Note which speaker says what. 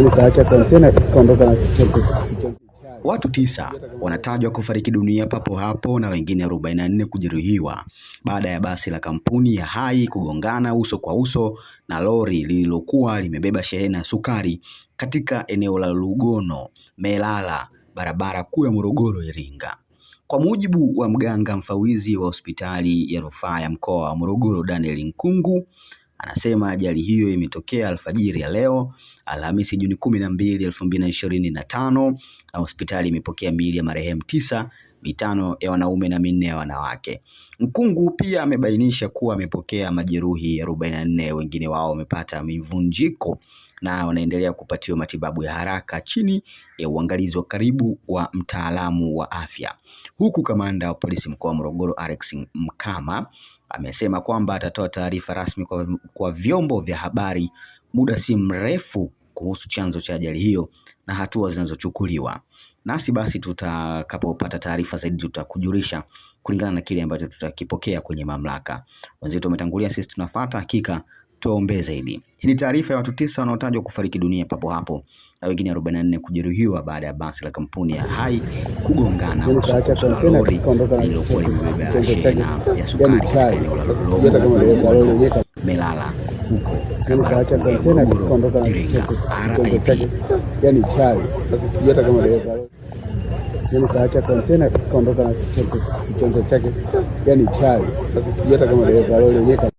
Speaker 1: nikaacha kontena tukaondoka na kichwa.
Speaker 2: Watu tisa wanatajwa kufariki dunia papo hapo na wengine 44 kujeruhiwa baada ya basi la kampuni ya Hai kugongana uso kwa uso na lori lililokuwa limebeba shehena ya sukari katika eneo la Lugono Melala, barabara kuu ya Morogoro Iringa. Kwa mujibu wa mganga mfawizi wa hospitali ya rufaa ya mkoa wa Morogoro Daniel Nkungu, anasema ajali hiyo imetokea alfajiri ya leo Alhamisi Juni kumi na mbili elfu mbili na ishirini na tano na hospitali imepokea miili ya marehemu tisa mitano ya wanaume na minne ya wanawake. mkungu pia amebainisha kuwa amepokea majeruhi 44, wengine wao wamepata mivunjiko na wanaendelea kupatiwa matibabu ya haraka chini ya uangalizi wa karibu wa mtaalamu wa afya, huku kamanda wa polisi mkoa wa Morogoro Alex Mkama amesema kwamba atatoa taarifa rasmi kwa, kwa vyombo vya habari muda si mrefu kuhusu chanzo cha ajali hiyo na hatua zinazochukuliwa. Nasi basi tutakapopata taarifa zaidi tutakujulisha kulingana na kile ambacho tutakipokea kwenye mamlaka. Wenzetu wametangulia, sisi tunafuata. Hakika tuwaombee zaidi. Hii ni taarifa ya watu tisa wanaotajwa kufariki dunia papo hapo na wengine 44 kujeruhiwa baada ya basi la kampuni ya Hai kugongana
Speaker 1: na lori lililokuwa
Speaker 2: limebeba shehena ya sukari katika eneo la Melala huko
Speaker 1: Yani sasa, kama kaacha kontena kaondoka na chake, yani sasa, sijui hata kama dereva lori